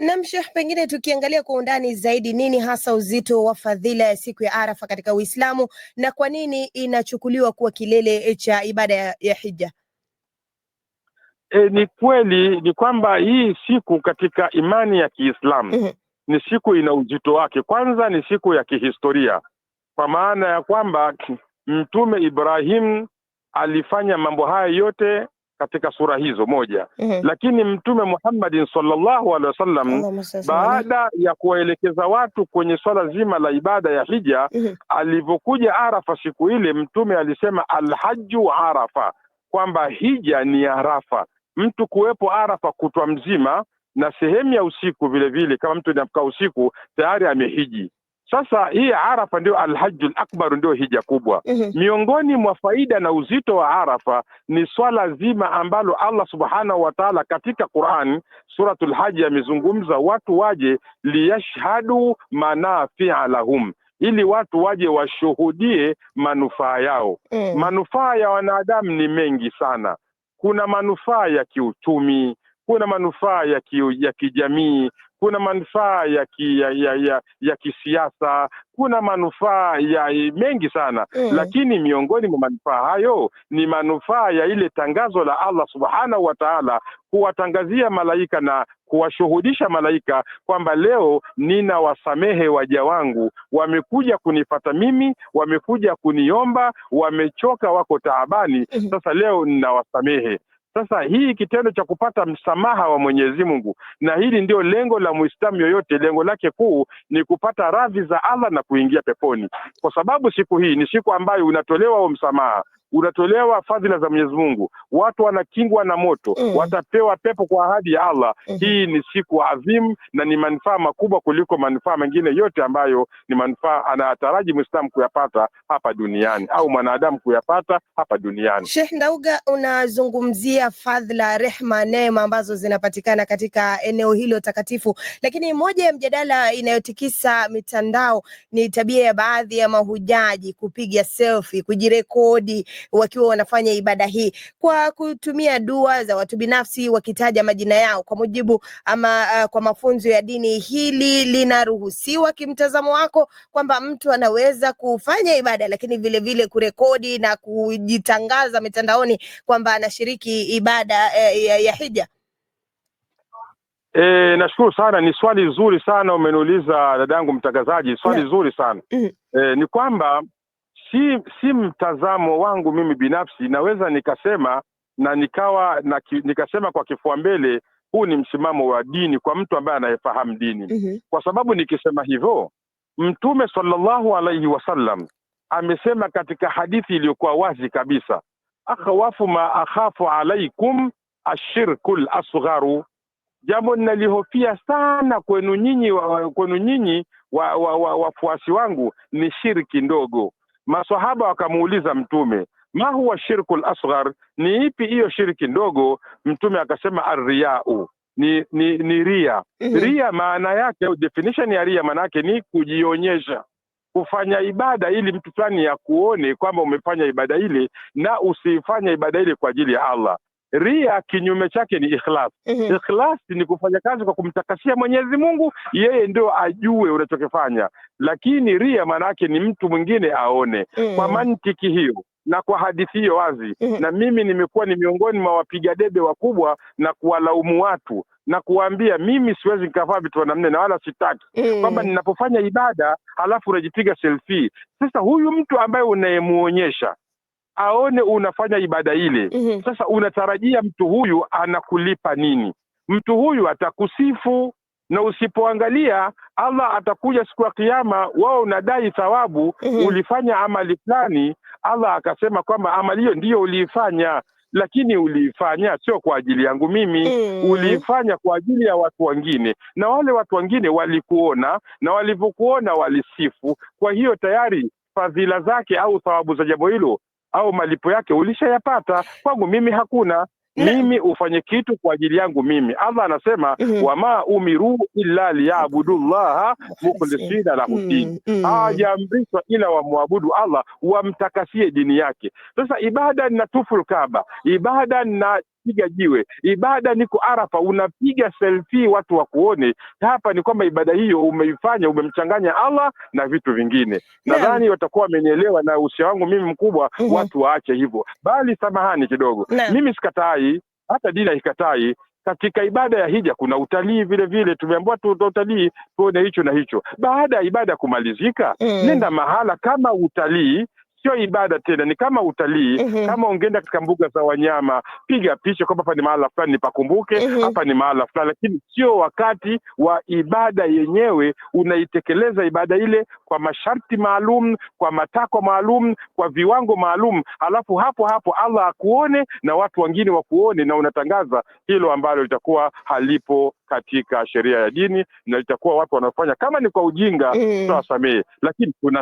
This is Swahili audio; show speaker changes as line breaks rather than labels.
Nam Sheikh, pengine tukiangalia kwa undani zaidi, nini hasa uzito wa fadhila ya siku ya Arafa katika Uislamu na kwa nini inachukuliwa kuwa kilele eh, cha ibada ya, ya hija?
E, ni kweli ni kwamba hii siku katika imani ya Kiislamu mm-hmm. ni siku ina uzito wake. Kwanza ni siku ya kihistoria kwa maana ya kwamba Mtume Ibrahim alifanya mambo haya yote katika sura hizo moja. -hmm. Lakini Mtume Muhammadin sallallahu alaihi wasallam baada ya kuwaelekeza watu kwenye swala zima la ibada ya hija, mhm. alivyokuja Arafa siku ile, Mtume alisema alhaju Arafa, kwamba hija ni Arafa. Mtu kuwepo Arafa kutwa mzima na sehemu ya usiku vilevile vile, kama mtu anaamka usiku tayari amehiji. Sasa hii Arafa ndio alhajjul akbar, ndio hija kubwa. mm -hmm. Miongoni mwa faida na uzito wa Arafa ni swala zima ambalo Allah subhanahu wa taala katika quran Suratul Haji amezungumza watu waje liyashhadu manafia lahum ili watu waje washuhudie manufaa yao. mm. Manufaa ya wanadamu ni mengi sana. Kuna manufaa ya kiuchumi, kuna manufaa ya, ki, ya kijamii, kuna manufaa ya, ki, ya, ya, ya, ya kisiasa, kuna manufaa ya mengi sana mm. Lakini miongoni mwa manufaa hayo ni manufaa ya ile tangazo la Allah subhanahu wa taala kuwatangazia malaika na kuwashuhudisha malaika kwamba leo nina wasamehe waja wangu, wamekuja kunifata mimi, wamekuja kuniomba, wamechoka, wako taabani. Eh. Sasa leo ninawasamehe. Sasa hii kitendo cha kupata msamaha wa Mwenyezi Mungu, na hili ndio lengo la Muislamu yoyote, lengo lake kuu ni kupata radhi za Allah na kuingia peponi, kwa sababu siku hii ni siku ambayo unatolewa huo msamaha unatolewa fadhila za Mwenyezi Mungu, watu wanakingwa na moto mm. watapewa pepo kwa ahadi ya Allah mm -hmm. Hii ni siku adhimu na ni manufaa makubwa kuliko manufaa mengine yote ambayo ni manufaa anataraji mwislamu kuyapata hapa duniani au mwanadamu kuyapata hapa duniani.
Sheikh Ndauga, unazungumzia fadhila, rehma, neema ambazo zinapatikana katika eneo hilo takatifu, lakini moja ya mjadala inayotikisa mitandao ni tabia ya baadhi ya mahujaji kupiga selfie, kujirekodi wakiwa wanafanya ibada hii kwa kutumia dua za watu binafsi wakitaja majina yao kwa mujibu ama uh, kwa mafunzo ya dini hili linaruhusiwa. Kimtazamo wako kwamba mtu anaweza kufanya ibada lakini vilevile kurekodi na kujitangaza mitandaoni kwamba anashiriki ibada eh, ya, ya hija?
E, nashukuru sana. Ni swali zuri sana umeniuliza dadangu mtangazaji, swali yeah, zuri sana mm -hmm. E, ni kwamba si, si mtazamo wangu mimi binafsi, naweza nikasema na nikawa na ki, nikasema kwa kifua mbele, huu ni msimamo wa dini kwa mtu ambaye anayefahamu dini mm -hmm. Kwa sababu nikisema hivyo, Mtume sallallahu alaihi wasallam amesema katika hadithi iliyokuwa wazi kabisa, akhawafu ma akhafu alaikum ashirkul asgharu, jambo ninalihofia sana kwenu nyinyi, kwenu nyinyi wafuasi wa, wa, wa wangu ni shirki ndogo. Maswahaba wakamuuliza Mtume, ma huwa shirku lasghar, ni ipi hiyo shirki ndogo? Mtume akasema arriyau ni ni, ni ria. Mhm. Ria maana yake, definition ya ria maana yake ni kujionyesha, kufanya ibada ili mtu fulani ya kuone kwamba umefanya ibada ile, na usifanya ibada ile kwa ajili ya Allah. Ria kinyume chake ni ikhlas. Mm-hmm. Ikhlas ni kufanya kazi kwa kumtakasia Mwenyezi Mungu, yeye ndio ajue unachokifanya, lakini ria maana yake ni mtu mwingine aone. Mm-hmm. Kwa mantiki hiyo na kwa hadithi hiyo wazi, mm-hmm. na mimi nimekuwa ni miongoni mwa wapiga debe wakubwa na kuwalaumu watu na kuwaambia mimi siwezi nikavaa vitu namne na wala sitaki mm. kwamba ninapofanya ibada halafu unajipiga selfie. Sasa huyu mtu ambaye unayemuonyesha aone unafanya ibada ile mm -hmm. Sasa unatarajia mtu huyu anakulipa nini? Mtu huyu atakusifu na usipoangalia, Allah atakuja siku ya Kiyama, wao unadai thawabu mm -hmm. Ulifanya amali fulani, Allah akasema kwamba amali hiyo ndiyo uliifanya lakini uliifanya sio kwa ajili yangu mimi mm. Uliifanya kwa ajili ya watu wengine, na wale watu wengine walikuona, na walivyokuona walisifu. Kwa hiyo tayari fadhila zake au thawabu za jambo hilo au malipo yake ulishayapata. Kwangu mimi hakuna mimi ufanye kitu kwa ajili yangu mimi. Allah anasema mm -hmm. wama umiru illa liyabudullaha mukhlisina -hmm. Mm, hawajaamrishwa ila wamwabudu Allah, wamtakasie dini yake. Sasa ibada ni natufu kaba, ibada na piga jiwe. Ibada niko Arafa, unapiga selfie watu wakuone. Hapa ni kwamba ibada hiyo umeifanya, umemchanganya Allah na vitu vingine. Nadhani watakuwa wamenielewa, na usia wangu mimi mkubwa mm -hmm. watu waache hivyo, bali samahani kidogo Mimi sikatai, hata dini haikatai katika ibada ya hija kuna utalii vile vile, tumeambiwa utalii tuone hicho na hicho. Baada ya ibada kumalizika, mm. nenda mahala kama utalii sio ibada tena, ni kama utalii mm -hmm. Kama ungeenda katika mbuga za wanyama, piga picha kwamba hapa ni mahala fulani nipakumbuke, hapa mm -hmm. ni mahala fulani, lakini sio wakati wa ibada yenyewe. Unaitekeleza ibada ile kwa masharti maalum, kwa matakwa maalum, kwa viwango maalum, alafu hapo hapo Allah akuone na watu wengine wakuone, na unatangaza hilo ambalo litakuwa halipo katika sheria ya dini, na litakuwa watu wanaofanya kama ni kwa ujinga, mm. tutawasamehe, lakini kuna